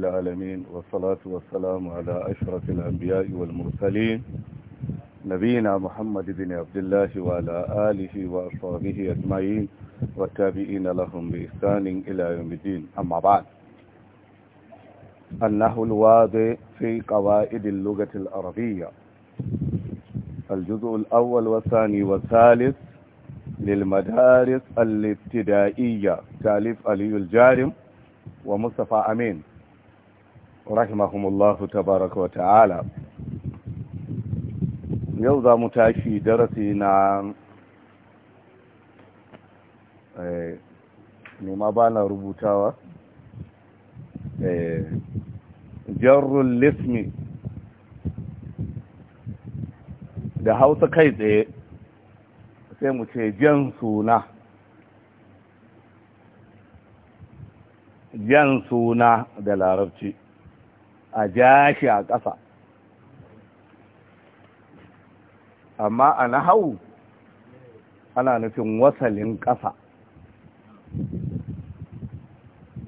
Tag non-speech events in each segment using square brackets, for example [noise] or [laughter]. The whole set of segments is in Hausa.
العالمين والصلاة والسلام على أشرف الأنبياء والمرسلين نبينا محمد بن عبد الله وعلى آله وأصحابه أجمعين والتابعين لهم بإحسان إلى يوم الدين أما بعد أنه الواضح في قواعد اللغة العربية الجزء الأول والثاني والثالث للمدارس الابتدائية تاليف علي الجارم ومصطفى أمين rahimahumullahu tabaraka wa ta'ala yau za mu tashi darasi na eh, nema ba na rubutawa eh, jarrun lismi da hausa kai tsaye sai mu ce jan suna jan suna da larabci a ja shi a ƙasa amma a nahau ana nufin wasalin ƙasa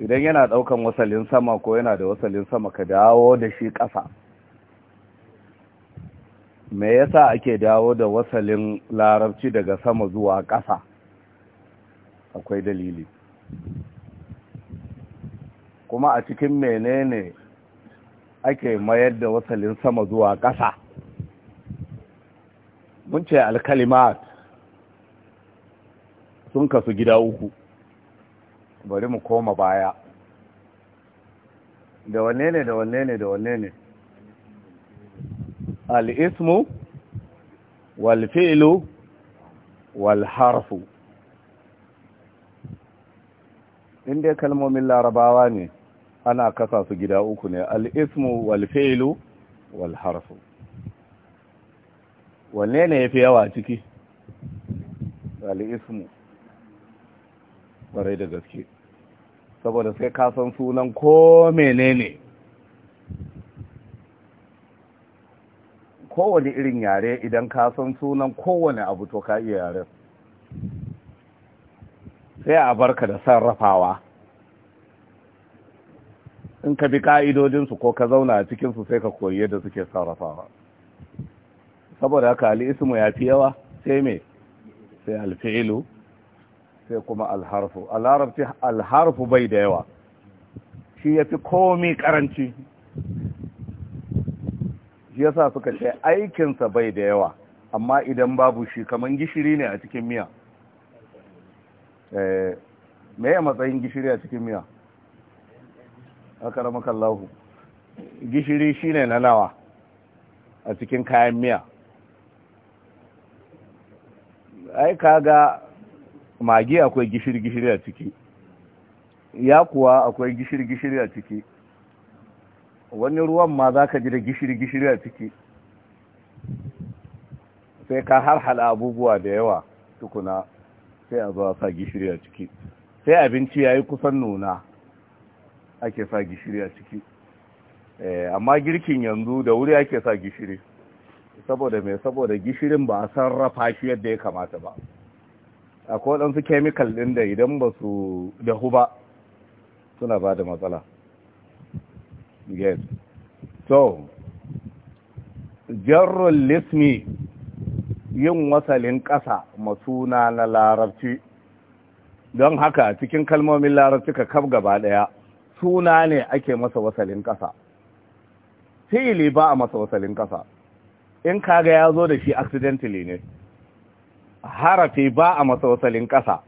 idan yana ɗaukan wasalin sama ko yana da wasalin sama ka dawo da shi ƙasa me yasa ake dawo da wasalin larabci daga sama zuwa ƙasa akwai dalili kuma a cikin menene ake mayar da wasalin sama zuwa ƙasa mun ce alkalimat sun kasu gida uku bari mu koma baya da wanne ne da wanne ne da wanne ne al'ismu walfilu walharfu inda kalmomin larabawa ne ana kasa su gida uku ne al'ismu walfelu walharfu wanne ne ya fi yawa ciki al'ismu ƙwarai da gaske saboda sai ka san sunan ko menene kowane irin yare idan ka san sunan kowane abu to ka iya yaren sai a barka da sarrafawa in ka bi ka'idodinsu ko ka zauna a cikinsu sai ka koyi yadda suke sarrafawa saboda haka al'ismu ya fi yawa sai mai sai alfi'ilu sai kuma alharfu alharfu alharfu bai da yawa shi ya fi komi karanci shi yasa suka ce aikinsa bai da yawa amma idan babu shi kamar gishiri ne a cikin miya eh, me ya matsayin gishiri a cikin miya akaramakallahu gishiri shine na nawa a cikin kayan miya ai kaga magi akwai gishiri-gishiri a ciki ya kuwa akwai gishiri-gishiri a ciki wani ruwan ma za ka ji da gishiri-gishiri a ciki sai ka harhala abubuwa da yawa tukuna sai a zuwa sa gishiri a ciki sai abinci ya yi kusan nuna ake sa gishiri a ciki eh, amma girkin yanzu da wuri ake sa gishiri saboda mai saboda gishirin ba a sarrafa shi yadda ya kamata ba akwai waɗansu kemikal ɗin da idan ba su dahu ba suna ba da matsala yes so jarrun lismi yin wasalin ƙasa masuna na larabci don haka cikin kalmomin larabci ka kaf gaba ɗaya suna ne ake masa wasalin ƙasa fili ba a masa wasalin ƙasa in kaga ya zo da shi accidentally ne harafi ba a masa wasalin ƙasa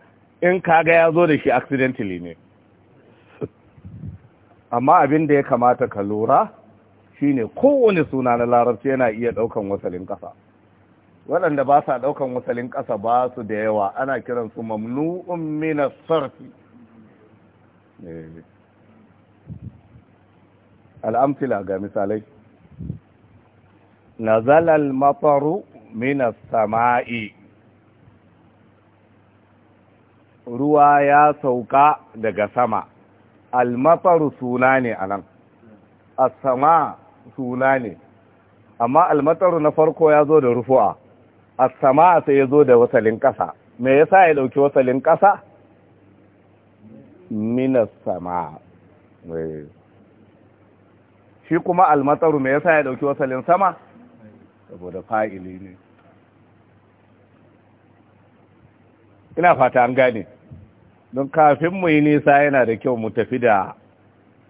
in kaga ya zo da shi accidentally ne amma abin da ya kamata ka lura shine kowane suna na larabci yana iya ɗaukan wasalin ƙasa waɗanda ba sa ɗaukan wasalin ƙasa ba su da yawa ana kiransu mamnu'un minas sarfi eh. al'amfila ga misalai nazalal mafaru minas sama'i ruwa ya sauka daga sama al-mafaru suna ne a nan sama suna ne amma al-mafaru na farko ya zo da a sama sai ya zo da wasalin ƙasa me yasa ya ɗauki wasalin ƙasa minas sama'a Eh. shi kuma almatsaru me yasa ya dauki wasalin sama saboda fa'ili ne ina fata an gane don kafin mu yi nisa yana da kyau mu tafi da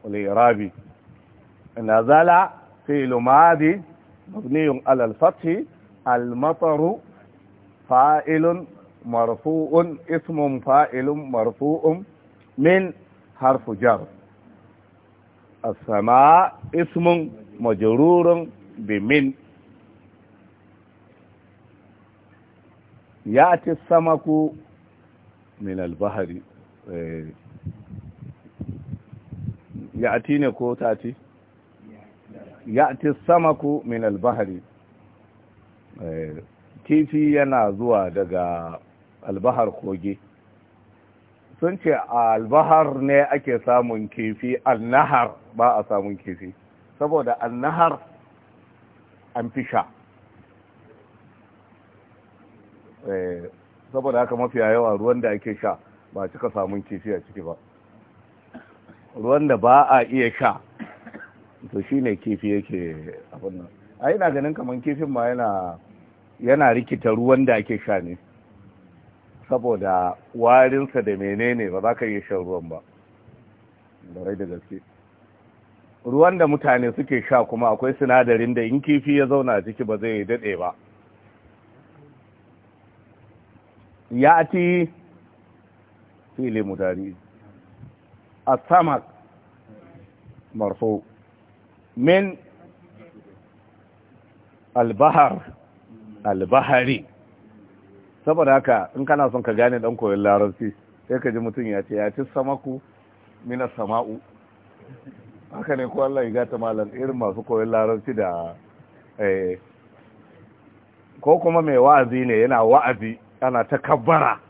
ulirabi na zala fi'lu madi mabniyun alal fathi almataru fa'ilun marfu'un ismun fa'ilun marfu'un min harfu jar as-sama ismun majrurun bi min ya'ti as-samaku min al-bahri eh. ya'ti ne ko tati ya'ti as-samaku min al eh. kifi yana zuwa daga albahar kogi sun ce albahar ne ake samun kifi al ba a samun kifi saboda annahar an fi sha eh, saboda haka mafiya yawa ruwan da ake sha ba cika samun kifi a ciki ba ruwan da ba a iya sha to shi ne kifi yake abinnan nan a yana ganin kamar kifin ma yana yana rikita ruwan da ake sha ne saboda warinsa da menene ba za ka iya shan ruwan ba da rai da gaske ruwan da mutane suke sha kuma akwai sinadarin da in kifi ya zauna ciki ba zai daɗe ba ya ati fili mutane, a samak marfo min albahar albahari saboda haka in kana son ka gane ɗan koyon larabci sai ka ji mutum ya ce ya ci samaku mina sama'u haka ne ko Allah ya gata malam irin masu koyon larabci da eh, ko kuma mai wa'azi ne yana wa'azi ana ta kabbara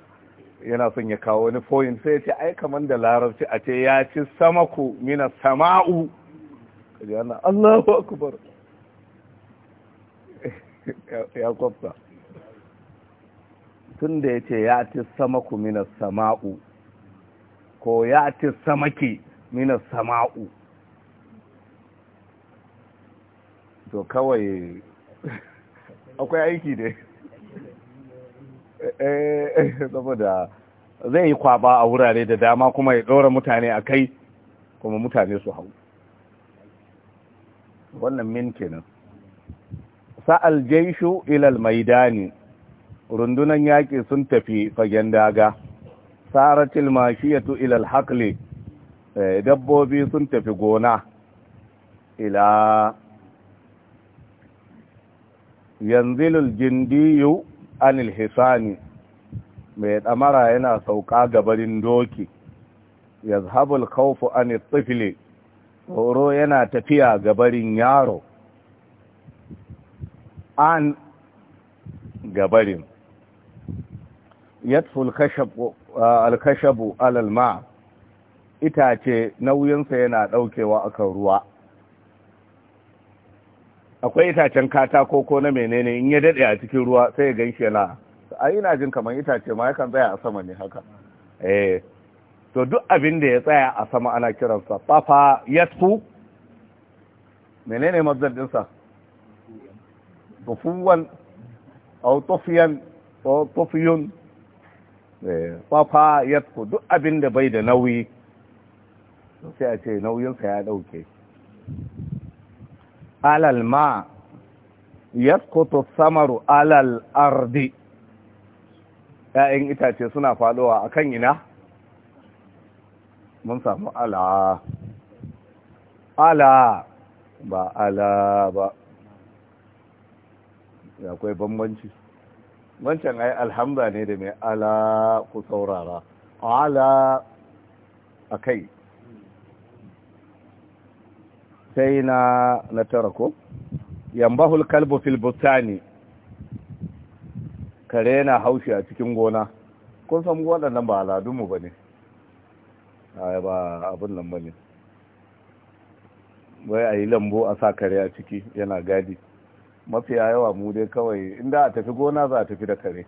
yana son ya kawo wani foyin sai ya ce ai kaman da larabci a ce ya ci sama ku mina sama'u kaji ana Allahu akbar [laughs] ya kwafta tun da ya ce ya ci sama ku mina sama'u ko ya ci samaki mina sama'u to kawai akwai aiki ne eh, eh, saboda zai yi kwaba a wurare da dama kuma ya ɗora mutane a kai kuma mutane su hau wannan minti kenan sa'al jaishu ilal maidani rundunan yaƙi sun tafi fagen daga saratil mashiyatu ilal haqli eh, dabbobi sun tafi gona ila yanzilul gindiyu anil hisani mai ɗamara yana sauka gabarin doki yazhabul khawfu anil tifli tsoro yana tafiya gabarin yaro an gabarin yadful alkashabu alalma itace nauyinsa yana ɗaukewa akan ruwa akwai itacen katako ko na menene in ya dade a cikin ruwa sai ya ganshi yana a ina jin kamar itace ma yakan tsaya a sama ne haka eh to duk abin da ya tsaya a sama ana kiransa fafa yasfu menene mazdar dinsa tufuwan aw tufiyan aw tufiyun fafa eh, yasfu duk abin da bai da nauyi sai a ce nauyinsa ya dauke alal ma to samaru alal ardi ‘ya'yan itace suna faɗowa a kan ina? Mun samu ala, ala ba ala ba, ya kwai bambanci. Wancan ai alhamza ne da mai ala ku saurara, ala a kai, sai na na tara ko yambahul kalbu fil butani kare yana haushi a cikin gona kun san waɗannan ba aladunmu ba ne ba abin nan ba wai a yi lambu a sa kare a ciki yana gadi mafiya yawa mu dai kawai inda a tafi gona za a tafi da kare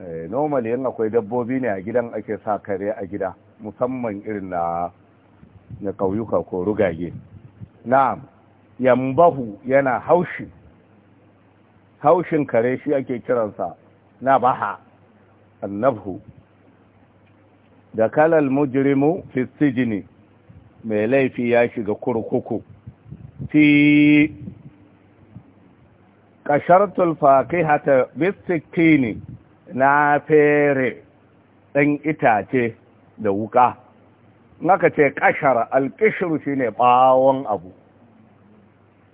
eh, normally akwai dabbobi ne a gidan ake sa kare a gida musamman irin na na ƙauyuka ko rugage na'am yambahu yana haushi haushin kare shi ake kiransa na baha annabhu da kalal mujrimu fi sijini mai laifi ya shiga kurkuku fi kashartul fakihata bisikini na fere ɗan itace da wuka naka ce kashara alƙishiru shi ne ɓawon abu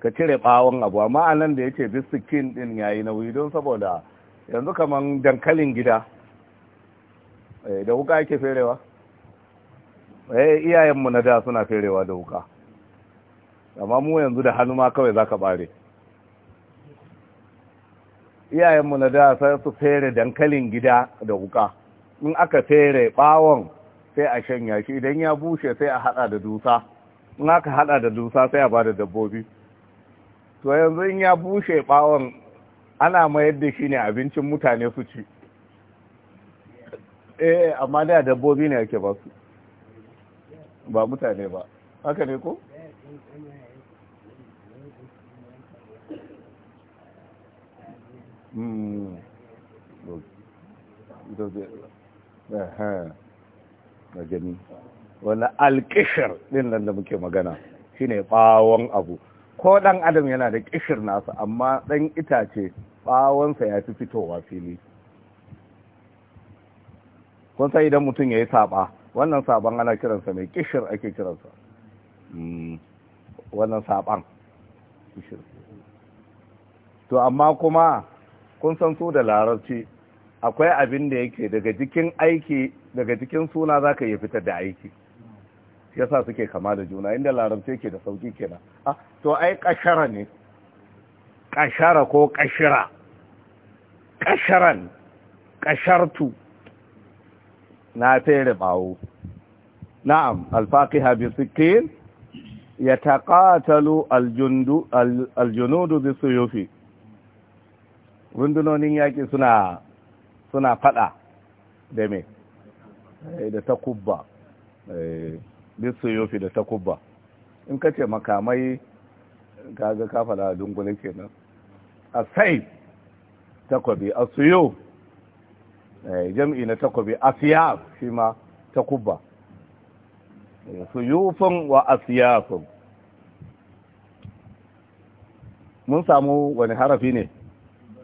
ka cire ɓawon abu amma a nan da ya ce bisikin ya yi nauyi don saboda yanzu kamar dankalin gida eh, da wuka ake ferewa eh iyayenmu na da suna ferewa da wuka amma mu yanzu da hannu ma kawai za ka ɓare iyayenmu na da sai su fere dankalin gida da wuka in aka fere ɓawon. sai a shanya shi idan ya bushe sai a hada da dusa in aka hada da dusa sai a bada dabbobi to yanzu in ya bushe bawon ana mayar da shi ne abincin mutane su ci eh amma da dabbobi ne ake ba su ba mutane ba haka ne ko Mm. Does it? Uh-huh. na wani alƙishir ɗin nan da muke magana shine ɓawon abu ko ɗan adam yana da ƙishir nasa amma ɗan itace ɓawonsa ya fi fitowa fili kun sai idan mutum ya yi saɓa wannan saɓan ana kiransa mai ƙishir ake kiransa hmm, wannan saɓan ƙishir to amma kuma kun san su da larabci akwai abin da yake daga jikin aiki daga cikin suna za ka iya fitar da aiki Ya sa suke kama da juna inda larabce ke da sauki kenan to ai kashara ne kashara ko kashira kasharan kashartu na fere bawo na'am alfaqiha bi sikkin yataqatalu aljundu aljunudu bi suyufi rundunonin yaki suna suna fada da me Eh, da kubba bisu eh, yofi da ta kubba in ka ce makamai gaga kafala a dungule kenan a sai takwabi a suyo eh, jam'i na takwabi a siyaf shi ma takubba suyufin wa a sun mun samu wani harafi ne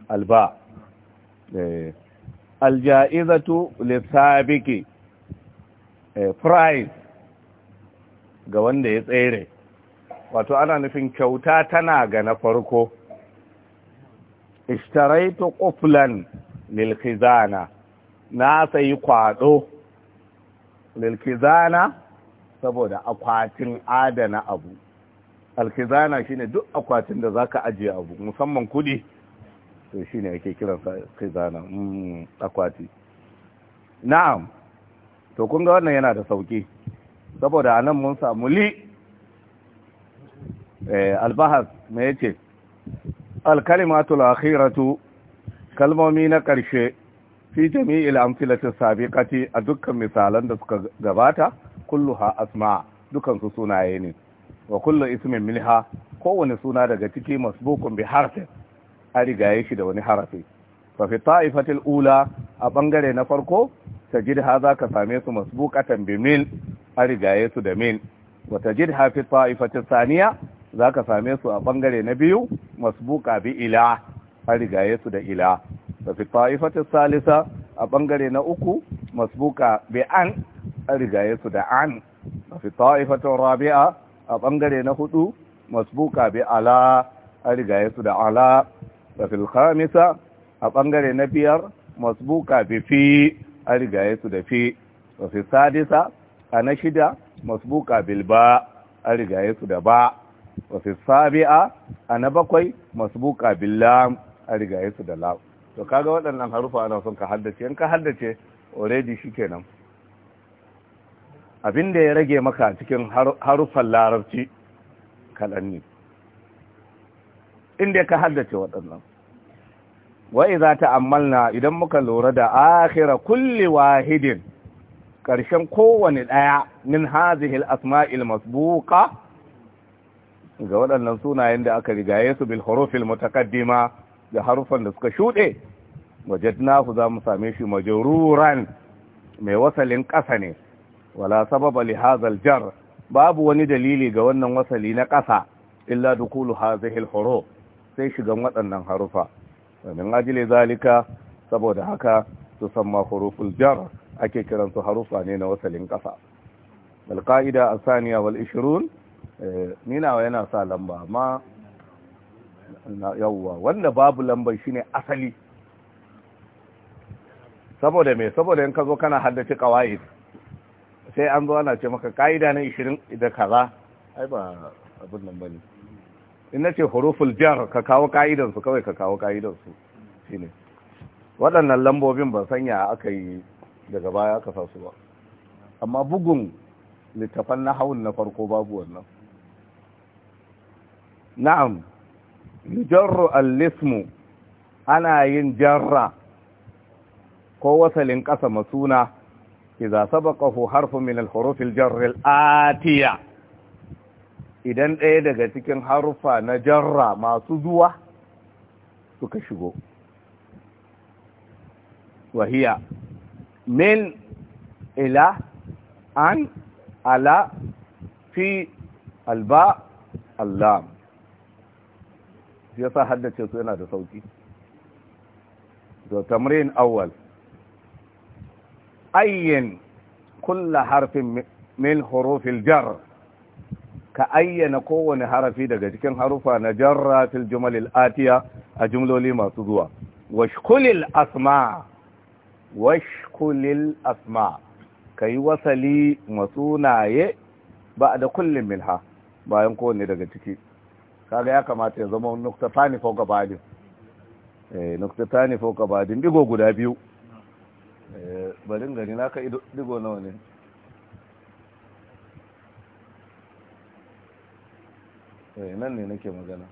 alba alja'izatu lissabiki Eh, price ga wanda ya tsere wato ana nufin kyauta tana ga na farko ishtaraitu ta lil khizana na sayi kwado lil khizana saboda akwatin adana abu alkhizana shine duk akwatin da zaka ajiye abu musamman kudi to shine ake kiransa khizana mm akwati na'am to kun ga wannan yana da sauki saboda anan mun samu li eh, albahas me yace alkalimatul akhiratu kalmomi na ƙarshe fi jami'il amfilatin sabiqati a dukkan misalan da suka gabata kulluha asma dukan su sunaye ne wa kullu ismin milha kowane suna daga ciki masbukun bi harfin a rigaye shi da wani harafi fa fi ta'ifatil ula a bangare na farko tajidha za ka same su masbuqatan bi min a rigaye su da min wa tajidha fi ta'ifati saniya za ka same su a bangare na biyu masbuqa bi ila a rigaye su da ila wa fi ta'ifati salisa a bangare na uku masbuqa bi an a rigaye su da an wa fi ta'ifati rabi'a a bangare na hudu masbuqa bi ala a rigaye su da ala wa fi khamisa a bangare na biyar masbuqa bi fi an riga ya su da fi wasu sadisa a na shida masbuka bilba an riga ya su da ba wasu sabi'a a na bakwai masbuka billam an riga ya su da la to kaga waɗannan harufa ana son ka haddace in ka haddace already kenan abin da ya rage maka cikin harufan larabci kaɗan ne inda ka haddace waɗannan wa iza ta'ammalna idan muka lura da akhira kulli wahidin ƙarshen kowane ɗaya min hadhihi al-asma'il masbuqa ga waɗannan sunayen da aka rigaye su bil hurufil mutaqaddima da harufan da suka shude wajadnahu za mu same shi majruran mai wasalin ƙasa ne wala sababa li hadha jar babu wani dalili ga wannan wasali na ƙasa illa dukulu hadhihi al-huruf sai shigan waɗannan harufa min ajili zalika saboda haka su samma huruful jar ake kiransu harufa ne na wasalin ƙasa alƙa'ida a saniya wal ishirun eh, ninawa yana sa lamba amma yawwa wanda babu lambar shine asali saboda me saboda in ka zo kana haddace kawai sai an zo ana ce maka ƙa'ida na 20 idan kaza ai ba abin nan bane in na ce huruful jar ka kawo ka'idansu kawai ka kawo ka'idansu shi ne waɗannan lambobin ban sanya aka yi daga baya aka sa su ba amma bugun littafan na hawan na farko babu wannan na'am yujarru al ana yin jarra ko wasalin ƙasa masuna iza sabaqahu harfu min al-huruf al-jarr atiya idan ɗaya daga cikin harufa na jarra masu zuwa suka shigo wahiya min ila an ala fi alba allam ya haddace su yana da sauki da tamrin awal. ayyin kulla harfin min hurufil jar ka ayyana kowane harafi daga cikin harufa na jarra til jumalil atiya a jumloli masu zuwa washkulil asma washkulil asma kai wasali masunaye ba da kullum milha, bayan kowane daga ciki kaga ya kamata ya zama nukta tani fauka badin eh tani fauka badin digo guda biyu eh barin gari naka digo nawa ne eh nan ne nake magana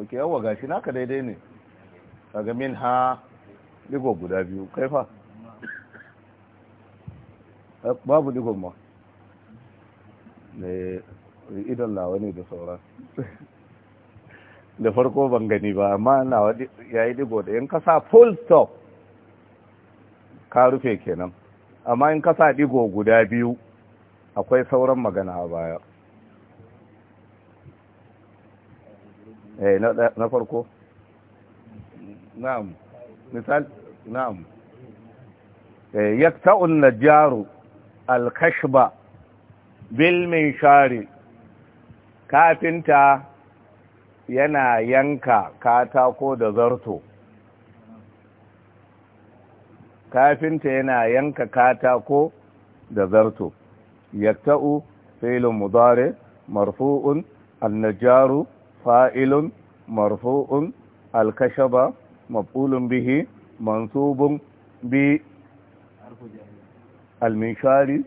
ok yawa gashi naka daidai ne daga min ha digo guda biyu kai fa eh, babu digon ma ne eh, idan lawa ne da sauran da farko ban gani ba amma nawa ya yi digo da 'Yan kasa full stop ka rufe kenan amma in kasa digo guda biyu akwai sauran magana a baya eh na farko na'am misal na'am eh yakta'un najaru al-kashba bil minshari kafinta yana yanka katako da zarto kafinta yana yanka katako da zarto yakta'u filin mudare marfu'un annajaru fa'ilun marfu'un alkashaba maf'ulun bihi mansubun bi alminshari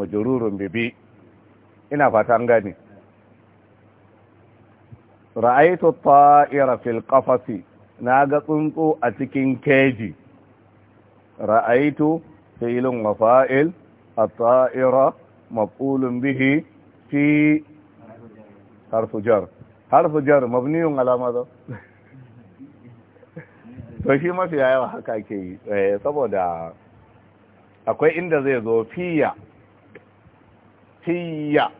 majururun bibi ina fata an gane ra'aitu ta'ira fil na ga tsuntsu a cikin keji ra'aitu filin wa fa'il at-ta'ira maf'ulun bihi fi harfu jar harfu jar mabniyun alama zo to shi mafi yawa haka ke yi saboda akwai inda zai zo fiya fiya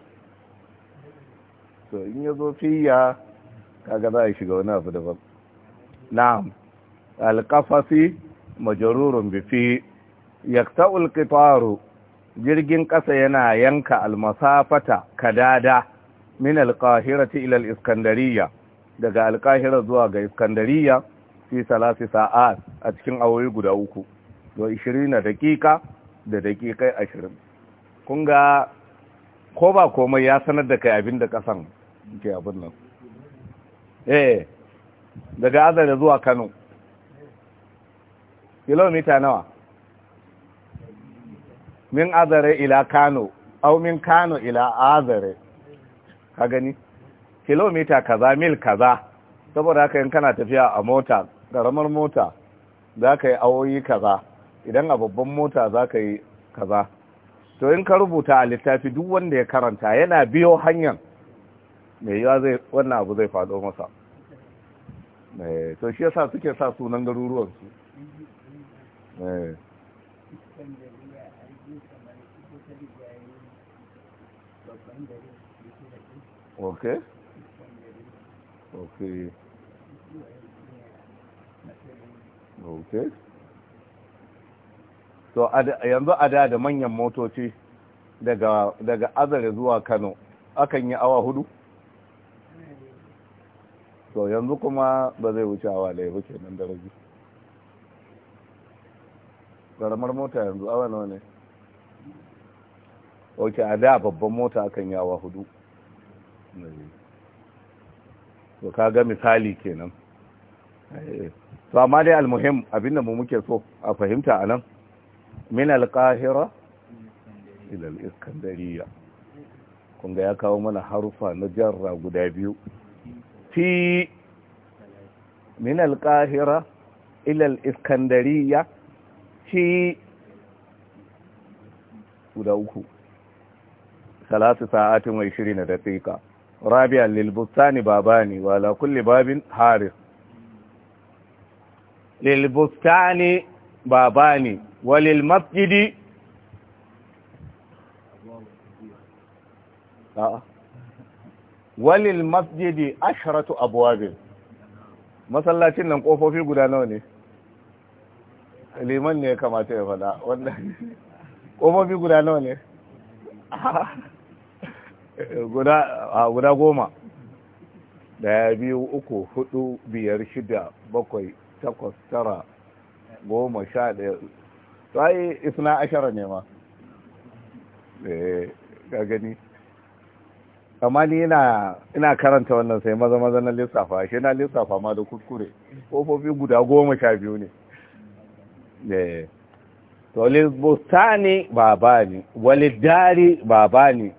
to in ya zo fiya kaga za a shiga wani abu daban na'am alkafasi majarurun bifi yakta'ul qitaru jirgin ƙasa yana yanka almasafata kadada min alqahirati ila Iskandariya, daga Alƙahira zuwa ga iskandariya fi salasi sa'at a cikin awoyi guda uku da 20 na daƙiƙa da dakikai 20 kun ga ko ba komai ya sanar da kai abin da kasan ke abin nan eh daga azare zuwa kano kilomita nawa min azare ila kano au min kano ila azare ka gani kilomita kaza mil kaza saboda haka in kana tafiya a mota karamar mota za ka yi awoyi kaza idan a babban mota za ka yi kaza to in ka rubuta a littafi duk wanda ya karanta yana biyo hanyar mai yiwa zai wannan abu zai faɗo masa eh, to shi yasa suke sa sunan garuruwansu eh. okay okay okay so yanzu a da da manyan motoci daga azare zuwa kano akan yi awa hudu to yanzu kuma ba zai wuce awa da ya wuce nan daraji ƙaramar mota yanzu awa nawa ne ok a da babban mota akan yi awa hudu to kaga misali kenan to amma dai almuhim abinda mu muke so a fahimta anan min alqahira ila al-iskandariya kun ga ya kawo mana harufa na jarra guda biyu fi min alqahira ila al-iskandariya fi guda uku salatu sa'atin wa 20 daqiqa rabi'a lilbustani babani wa la kulli babin haris lilbustani babani wa lilmasjidi walil masjidi asharatu abwabin masallacin nan kofofi guda nawa ne liman ne kamata ya fada wannan kofofi guda nawa ne guda goma daya biyu uku hudu biyar shida bakwai takwas tara goma sha daya sai isna ashara ne ma ga eh, gani amma ni ina karanta wannan sai maza maza na lissafa shi na lissafa ma da kuskure kofofi guda goma sha biyu ne eh. to ba ba ne walidari ba ne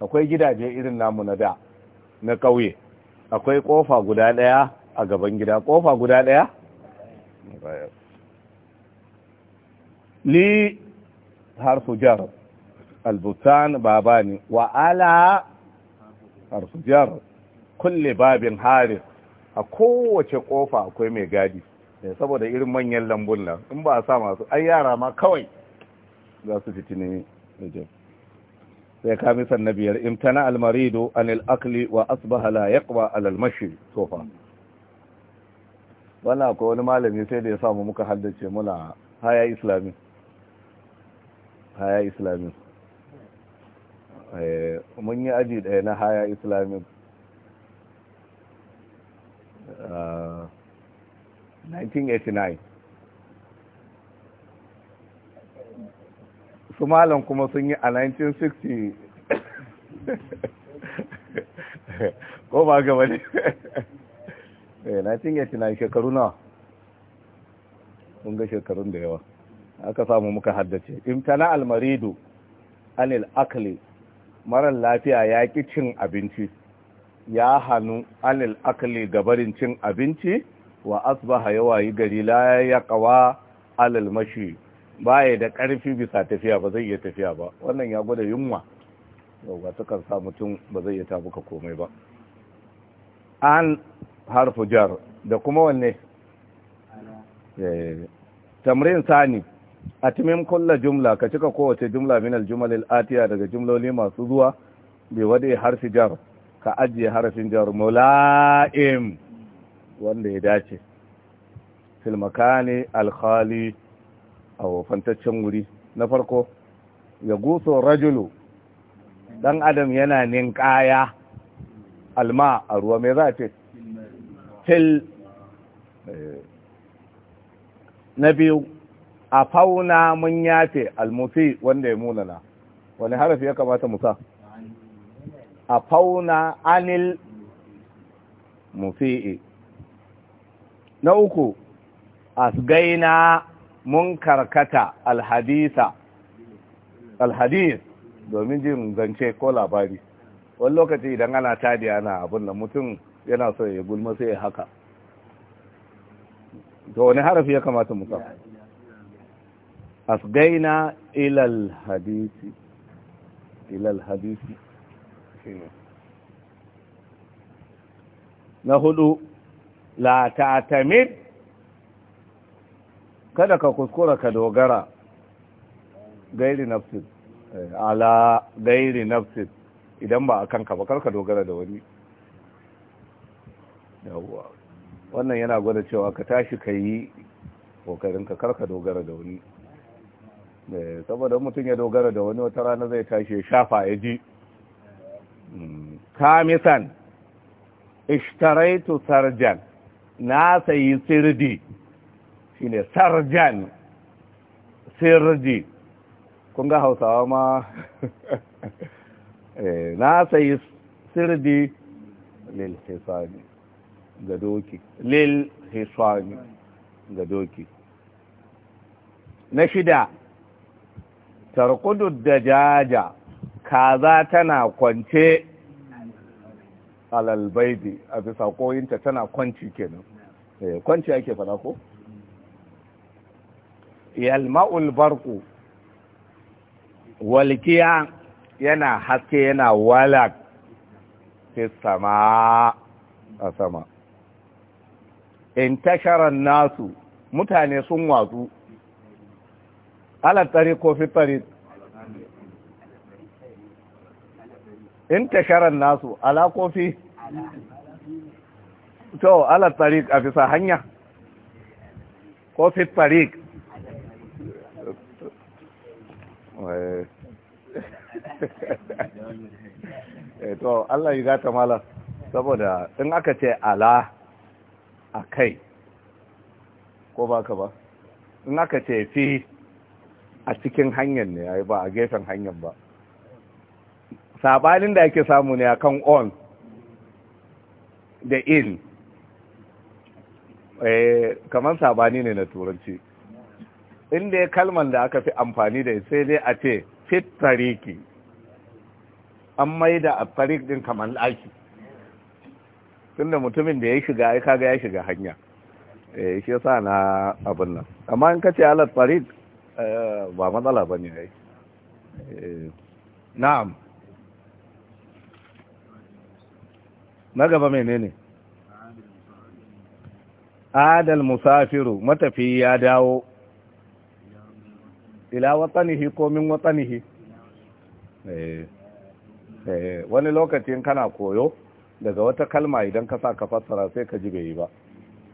akwai gidaje irin namu na da na ƙauye akwai ƙofa guda ɗaya a gaban gida ƙofa guda ɗaya li harfu jar albutan baba wa ala harfu jar kulle babin haris a kowace ƙofa akwai mai gadi eh, saboda irin manyan lambun nan in ba a sa masu ai yara ma kawai za su fitini ne sai ka misan na biyar imtana almarido anil akli wa asbaha la yaqwa alal mashi sofa wannan akwai wani malami sai da ya samu muka haddace muna haya islami haya islami eh, mun yi aji ɗaya na haya islami 1989 ah, su malam kuma sun yi a 1960 ko ba gaba ne 1989 eh, shekaru nawa kun ga shekarun da yawa aka samu muka haddace imtana almaridu anil akli marar lafiya ya ki cin abinci ya hannu anil akli gabarin cin abinci wa asbaha yawa yi gari la ya kawa alal mashi baya da ƙarfi bisa tafiya ba zai iya tafiya ba wannan ya gwada yunwa yau ba sukan sa mutum ba zai iya ka komai ba an harfu jar da kuma wanne eh, tamrin sani a timin kulla jumla ka cika kowace jumla min aljumal al'atiya daga jumloli masu zuwa bai wade harfi jar ka ajiye harfin jar mula'im wanda ya dace filmakani alkhali a wafantaccen wuri na farko ya guso rajulu dan adam yana ninkaya alma a ruwa mai za ce fil eh. na biyu a fauna mun yafe almusi wanda ya munana wani harafi ya kamata musa a fauna anil musi'i na uku asgaina mun karkata alhadisa alhadis domin jin zance ko labari wani lokaci idan ana tadi ana abin da mutum yana so ya gulma sai ya haka to wani harafi ya kamata musa asgaina ilal hadisi ilal hadisi na hudu la kada ka kuskura ka dogara gairi nafsin eh, ala gairi nafsin idan ba a kanka ba kar ka dogara da wani yawwa wannan yana gwada cewa ka tashi ka yi kokarin ka karka dogara da wani eh, saboda mutum ya dogara da wani wata rana zai tashi ya shafa ya ji hmm. kamisan ishtaraitu sarjan na sayi sirdi shine sarjan sirji kun ga hausawa ma [laughs] eh, na sayi sirdi lil hisani ga doki lil hisani ga doki na shida tarkudu da jaja kaza tana kwance alalbaidi a bisa koyinta tana kwanci kenan eh, kwanci ake fara ko yalma'ul barku walkiya yana haske yana walak fi sama a sama in tasharar nasu mutane sun watsu alattari ko fitari in tasharar nasu ala ko fi to alattari a fisa hanya ko fitari Eh. [laughs] Eh, to Allah yi gata mala saboda in aka ce ala a kai ko ba ka ba in aka ce fi a cikin hanyar ne yayi ba a gefen hanyar ba sabanin da ake samu ne akan on da in eh kamar sabani ne na turanci inda ya kalman da aka fi amfani da sai dai a ce fit tariki an mai da a tarik din kamar laki tunda mutumin da ya shiga ya kaga ya shiga hanya eh shi yasa na abin nan amma in kace alat tarik eh, ba matsala ba ne ai eh, na'am na gaba menene adal musafiru matafi ya dawo ila watanihi ko min eh, eh wani lokacin kana koyo daga wata kalma idan ka sa ka fassara sai ka ji bai yi ba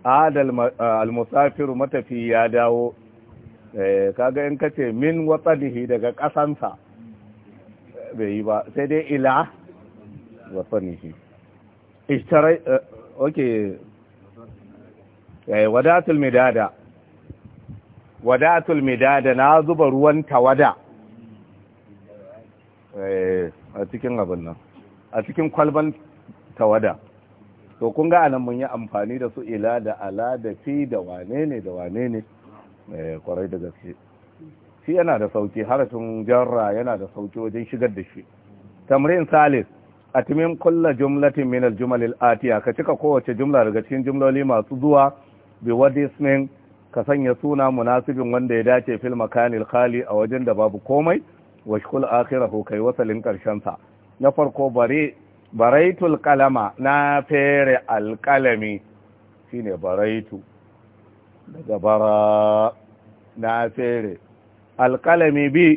adal almusafir matafi ya dawo eh, kaga in kace min watanihi daga kasansa bai yi ba sai dai ila watanihi ishtara eh, okay wadatul midada wadatul midada na zuba ruwan tawada eh, a cikin abin nan a cikin kwalban tawada to kun ga anan mun yi amfani da su ila da ala da fi da wane ne da wane ne eh, kwarai da gaske shi yana da sauki harafin jarra yana da sauki wajen shigar da shi tamrin salis a kulla jumlatin min aljumal atiya ka cika kowace jumla daga cikin jumloli masu zuwa bi min. ka sanya suna munasibin wanda ya dace fil makanil khali a wajen da babu komai wa shkul akhirahu kai wasalin karshen sa na farko bare baraitul qalama na fere alqalami shine baraitu daga bara na fere alqalami bi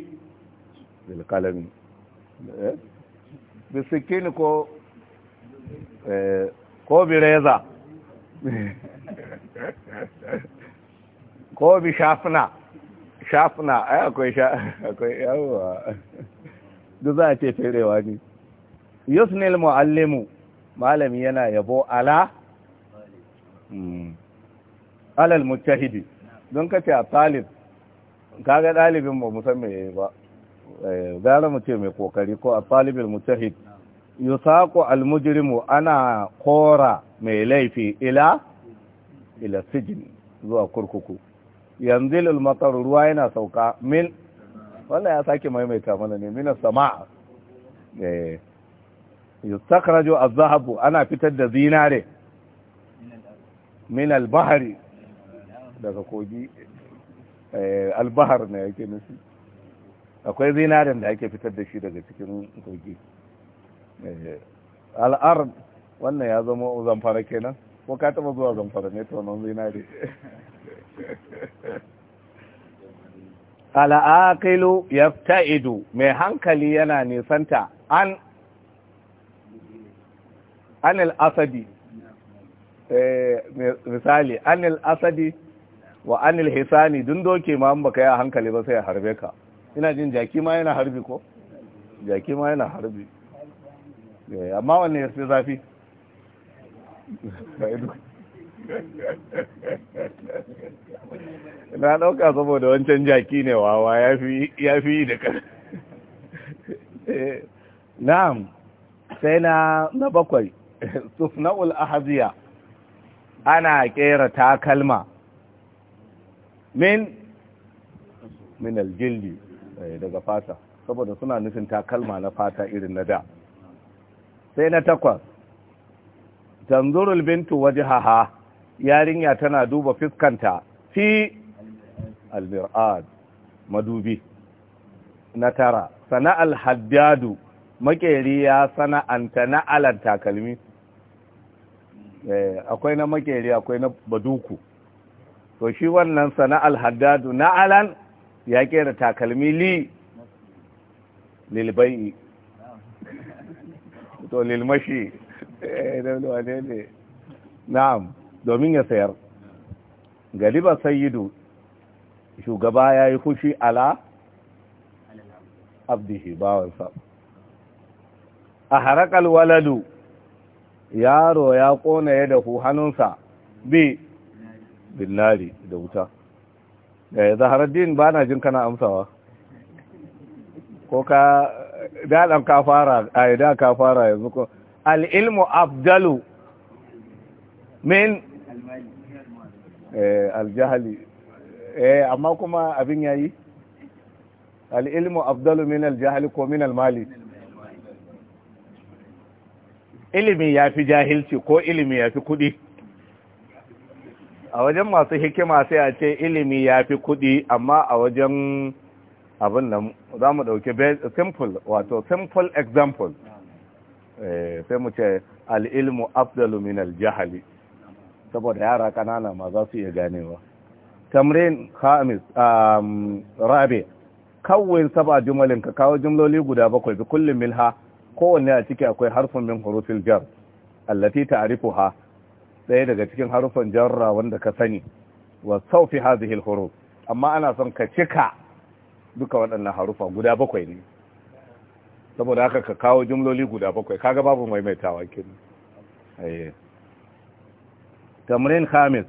bil qalami eh, bi bisikin ko eh, ko bireza [laughs] ko bi shafna shafna ai akwai sha akwai yawa duk za a ce ferewa ne yusnil muallimu malami yana yabo ala hmm, alal mujtahidi don kace a talib kaga dalibin ba musamman yayi ba eh, gara mu ce mai kokari ko a talibin mujtahid yusaqu al mujrimu ana kora mai laifi ila ila sijin zuwa kurkuku yanzilul matar ruwa yana sauka min wannan ya sake maimaita mana ne minas sama eh yustakhrajo az-zahabu ana fitar da zinare min al-bahri daga kogi eh, al-bahr ne yake nufi akwai zinaren da ake fitar da shi daga cikin kogi eh, al'ard wannan ya zama zamfara kenan ko ka taba zuwa zamfara ne to nan zinare [laughs] [laughs] al'aƙilu ya ta'idu mai hankali yana nisanta an anil asadi eh, misali anil asadi wa anil hisani dun doke ma an baka ya hankali ba sai ya harbe ka ina jin jaki ma yana harbi ko jaki ma yana harbi eh, amma wanne ya fi zafi [laughs] na ɗauka saboda wancan jaki ne wawa ya fi yi da kan eh, na'am sai na na bakwai sufna'ul ahaziya ana kera takalma min min aljildi eh, daga fata saboda suna nufin takalma na fata irin na da sai na takwas tanzurul bintu waje haha yarinya tana duba fiskanta fi albir'ad madubi na tara sana alhaddadu makeri ya sana'anta na alan takalmi eh, akwai na makeri akwai na baduku to shi wannan sana alhaddadu na alan ya kera takalmi li lilbai to lilmashi [laughs] eh, na'am domin ya sayar galiba Sayidu shugaba ya yi kushi ala abdihi bawansa a harakal waladu yaro ya kona ya dahu hannunsa bi binnari da wuta da eh, zaharaddin ba na jin kana amsawa ko ka daɗan ka fara a yi da ka fara yanzu ko al'ilmu abdalu min Eh, aljahali eh amma kuma abin yayi al-ilmu afdalu min aljahali ko min al-mali ilimi ya fi jahilci ko ilimi ya fi kudi a wajen masu hikima sai a ce ilimi ya fi kudi amma a wajen abin nan za mu simple wato simple example eh, sai mu ce al-ilmu afdalu min aljahali saboda yara kanana ma za su iya ganewa tamrin khamis um, rabi kawai saba jumalin ka kawo jumloli guda bakwai bi kullum milha kowanne a ciki akwai harfin min hurufin jar allati ha ɗaya daga cikin harufan jarra wanda ka sani wa saufi ha al-huruf amma ana son ka cika duka waɗannan harufa guda bakwai ne saboda haka ka kawo jumloli guda bakwai kaga babu maimaitawa kin eh tamrin khamis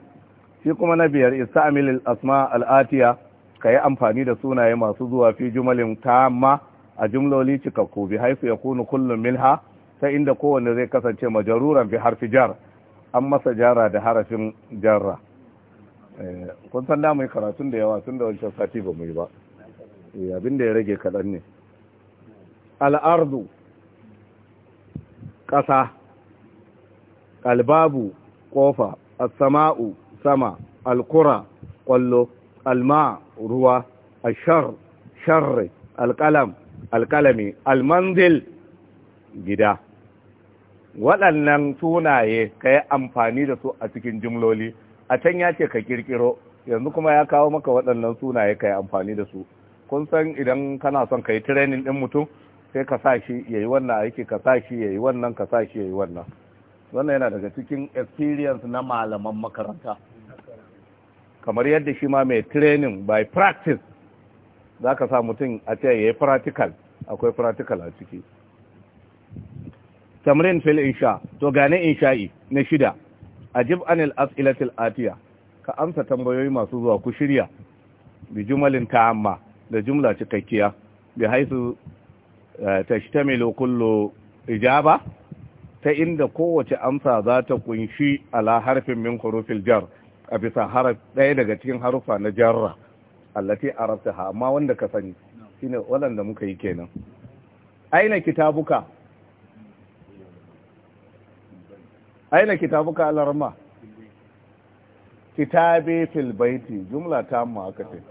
shi kuma na biyar ista'mil al-asma al-atiya kai amfani da sunaye masu zuwa fi jumalin tamma a jumloli cikakku bi haifu yakunu kullum minha ta inda kowanne zai kasance majaruran bi harfi jar an masa jara da harafin jarra eh, kun san da mai karatun da yawa tun da wancan sati ba mu yi ba eh, abin da ya rage kaɗan ne al'ardu ƙasa albabu ƙofa as-sama'u sama al ƙwallo qallo al-ma' ruwa ash-shar sharri al-qalam al al-manzil gida waɗannan sunaye ka yi amfani da su a cikin jimloli a can ya ce ka ƙirƙiro yanzu kuma ya kawo maka waɗannan sunaye ka yi amfani da su kun san idan kana son ka yi training ɗin mutum sai ka sa shi ya yi wannan aiki ka sa shi ya yi wannan ka sa shi ya yi wannan wannan yana daga cikin experience na malaman makaranta kamar yadda shi ma mai training by practice za ka sa mutum a ce ya yi practical akwai practical a ciki tamrin fil insha to gane insha'i na shida ajib anil as'ilatil atiya ka amsa tambayoyi masu zuwa ku shirya bi jumalin ta'amma da jumla cikakkiya bi haisu ta eh, tashtamilu kullu ijaba ta inda kowace amsa za ta kunshi ala harfin min hurufil jar a bisa haraf ɗaya daga cikin harufa na jarra allati arabtaha amma wanda ka sani shine wanda muka yi kenan aina kitabuka aina kitabuka alarma kitabe fil baiti jumla ta amma aka ce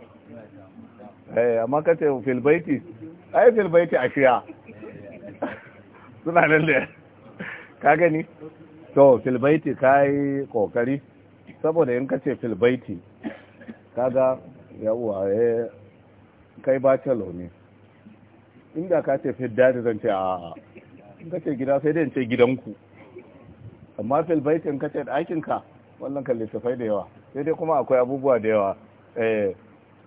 eh amma ka ce fil baiti ai fil baiti ashiya suna nan da ka gani to filbaiti ka yi kokari saboda in ka ce filbaiti kaga yawwa ya eh, kai bachelor ne inda ka ce fidda da zan ce a in ka ce gida sai dai in ce gidanku amma filbaiti in ka ce ɗakinka wannan kan littafai da yawa sai dai kuma akwai abubuwa da yawa eh,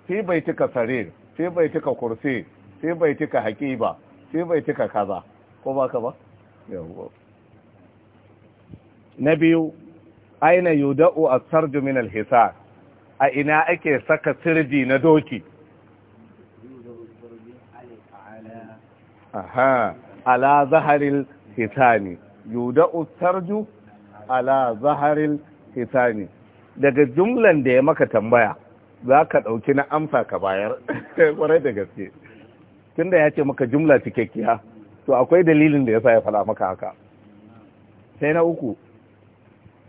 fi bai tuka sarir fi bai tuka kursi fi bai tuka haƙiba fi bai tuka kaza ko ba ka ba yawwa na biyu aina yuda'u a sarju min alhisa a ina ake saka sirji na doki aha ala zaharil Hisani. yuda'u sarju ala zaharil Hisani. daga jumlan da ya maka tambaya za ka ɗauki na amsa ka bayar ƙwarai [laughs] da gaske tun da ya ce maka jumla cikakkiya to akwai dalilin da ya sa ya faɗa maka haka sai na uku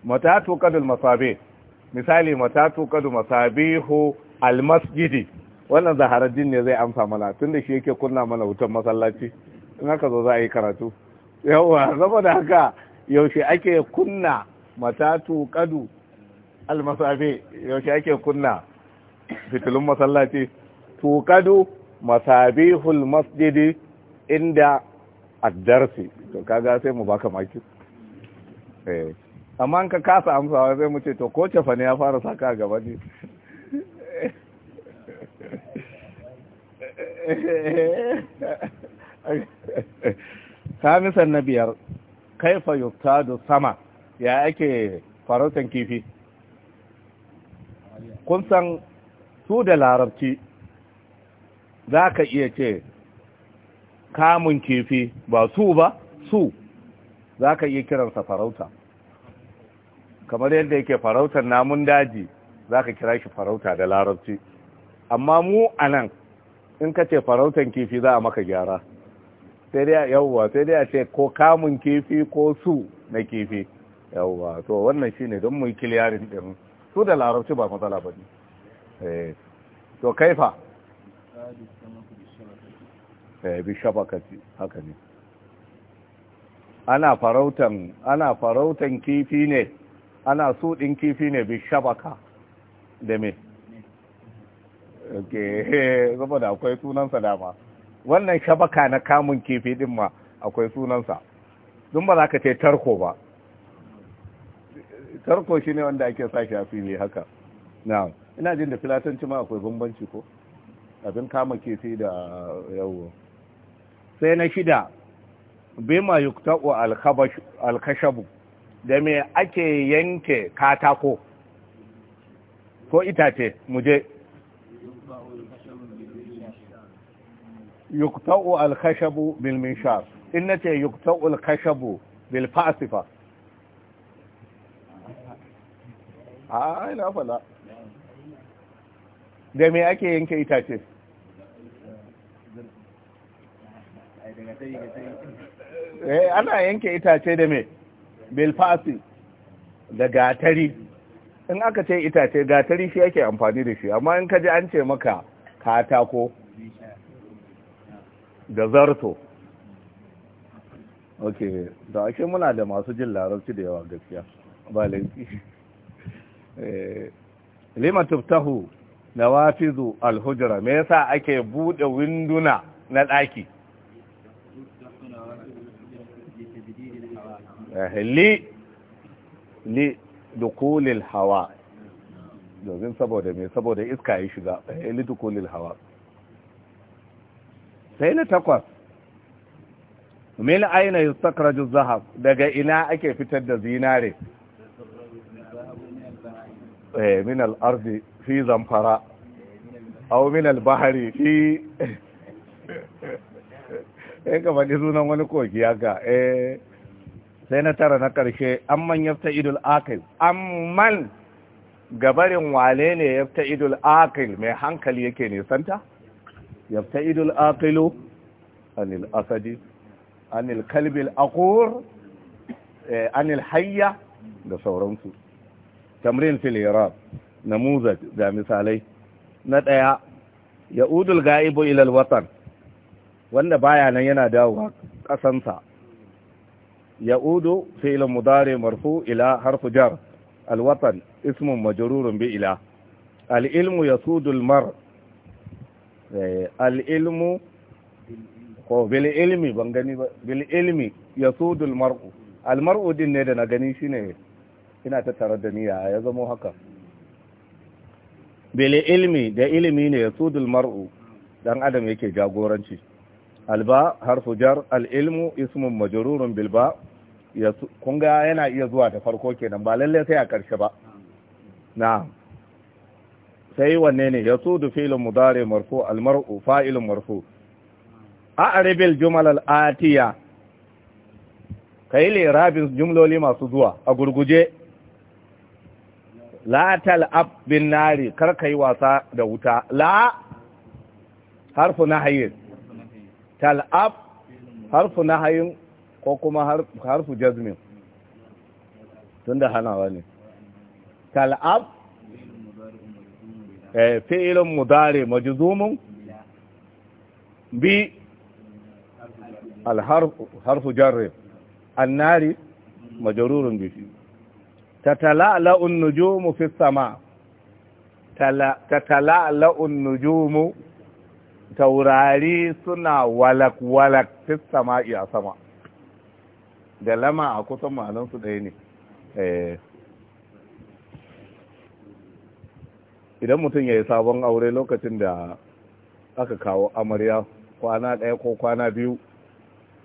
mata kadul masabe misali mata tukadu masabihu almasjidi wannan zahararjin ne zai amsa mana tunda shi yake kunna mana wutan masallaci in aka zo za a yi karatu yawwa saboda haka yaushe ake kunna mata kadu almasabe yaushe ake kunna fitilun masallaci tukadu masabihul masjidi inda addarsi to kaga sai mu baka maki eh amma ka kasa amsawa zai mu ce to ko cefa ne ya fara saka a gaba ne kamisan na biyar kaifa yuktadu sama ya ake farautan kifi kun san su da larabci za ka iya ce kamun kifi ba su ba su za ka iya kiransa farauta kamar yadda yake farautar namun daji za ka kira shi farauta da larabci amma mu a nan in ka ce farautan kifi za a maka gyara sai dai yawwa sai dai a ce ko kamun kifi ko su na kifi yawwa to wannan shine don mu yi kiliyarin din su da larabci ba matsala ba ne eh, to kaifa eh, bi shabakati haka ne ana farautan ana farautan kifi ne ana su ɗin kifi ne bi shabaka da me [laughs] saboda akwai sunansa dama wannan shabaka na kamun kifi ɗin ma akwai sunansa don ba za ka ce tarko ba tarko shi ne wanda ake sa shafi ne haka na ina jin da filatanci ma akwai bambanci ko abin kama kifi da yawo sai na shida bema yukta'u alkashabu da me ake yanke katako ko itace muje yukta'u al-khashabu bil minshar in nace yukta'u al-khashabu bil fasifa a ah, ina fala da me ake yanke itace eh, ana yanke itace da me bilfasi da gatari in aka ce itace gatari shi yake amfani da shi amma in ka ji an ce maka katako da zarto ok da ake muna da masu jin larabci da yawa gaskiya ba laifi [laughs] eh, lima tuftahu na wafizu alhujra me yasa ake bude winduna na ɗaki Eh, li li dukulil hawa domin saboda mai saboda iska ya shiga eh, li dukulil hawa sai na takwas mil aina yustakraju zahab daga ina ake fitar da zinare eh min al-ardi fi zamfara aw min al-bahri fi [laughs] eh kamar sunan wani kogiya haka eh sai na tara na ƙarshe amman yafta idul akil amman gabarin wale ne yafta idul akil mai hankali yake nisanta yafta idul akilu anil asadi anil kalbil akur eh, anil hayya da sauransu tamrin filirab na muza da misalai na ɗaya ya udul ga'ibu ilal watan wanda baya nan yana dawowa ƙasansa يعود فعل مضارع مرفوع إلى حرف جر الوطن اسم مجرور بإلى العلم يسود المر العلم بالعلم بنغني بالعلم يسود المرء المرء دين ne da na gani shine ina ta tare da niyya ya zama haka bil ilmi da ilimi ne yasudul mar'u dan adam yake jagoranci alba harfu jar al ilmu ismun majrurun bil ba kun ga yana iya zuwa da farko kenan ba lallai sai a ƙarshe ba na sai wanne ne ya su sudu ilin mudare marfu almar'u fa'ilin marfu a arabil jumalal atiya ka yi lerabin jumloli masu zuwa a gurguje la ab bin nari kar ka yi wasa da wuta la harfu na hayin tal'ab harfu na hayin ko kuma harfu jazmin tunda hanawa ne kal'ab eh, fi'ilin mudari majizumin bi harfu jarri annari majarurin bi ta tala'la'un nujumu fi sama ta tala'la'un nujumu taurari suna walak walak fi as-sama'i a sama' da lama a kusan ma'anansu ɗaya ne eh, idan mutum ya yi sabon aure lokacin da aka kawo amarya kwana ɗaya ko kwana biyu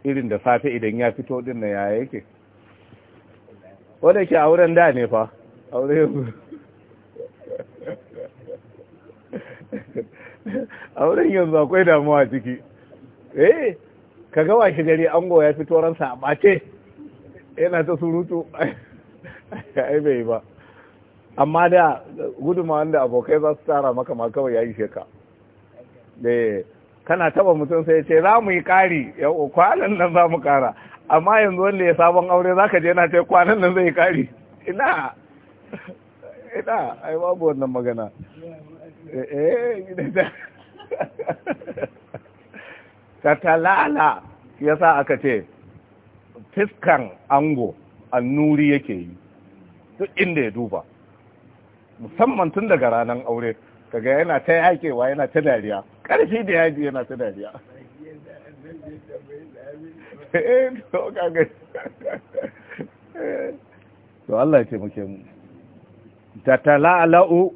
irin da safe idan ya fito din na yaya yake wadda ke auren da ne fa aure yanzu auren yanzu akwai damuwa ciki eh kaga washe gari ango ya fito ransa a ɓace yana ta surutu ai bai ba amma da guduma wanda abokai za su tara maka ma kawai ya yi sheka da eh, kana taba mutum sai ce za mu yi kari kwanan nan za mu kara amma yanzu wanda ya sabon aure za ka je na ce kwanan nan zai kari ina ina ai babu wannan magana eh, eh. [laughs] ta talala sa aka ce fiskan ango annuri yake yi duk inda ya duba musamman tun daga ranar aure kaga yana ta haikewa yana ta dariya ƙarfi da yaji yana ta dariya eh, to Allah ya taimake mu tatala'la'u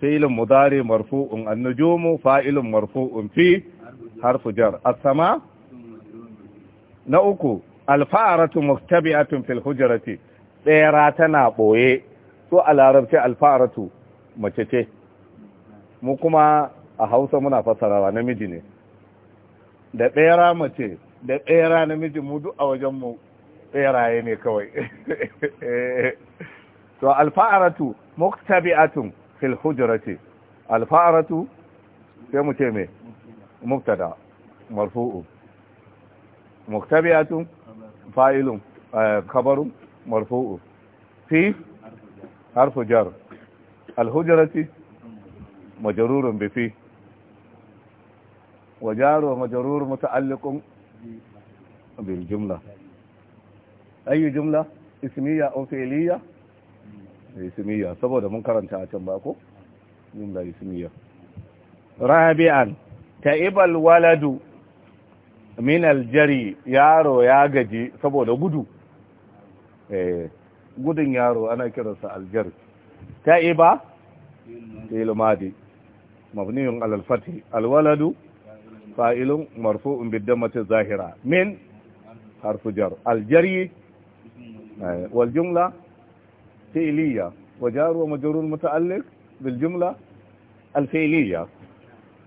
fi'lun mudari marfu'un annujumu fa'ilun marfu'un fi harfu jar as-sama na uku alfa'aratu muftabi'atun fil hujrati tsera tana boye so a larabci alfa'aratu mace ce mu kuma a Hausa muna fasarawa namiji ne da tsera mace da tsera namiji mu duk a wajen mu tseraye ne kawai [laughs] to alfa'aratu muftabi'atun fil hujrati alfa'aratu sai mu ce me muktada marfu'u muftabi'atun fa'ilun eh, kabarun marfu'u fi harfu jar alhujjarati majarurun bi fi wa jar wa majarur muta'alliqun bil jumla ayi jumla ismiya aw fi'liya ismiya saboda mun karanta a can ba ko jumla rabi'an ta'ibal waladu min aljari yaro ya gaji saboda gudu eh, gudun yaro ana kiransa aljar ta yi ba ilmadi mabniyun alalfati alwaladu fa'ilun marfu'un biddamata zahira min harfu jar aljari eh, wal jumla fi'liya wa jaru wa majrur muta'alliq bil jumla al fi'liya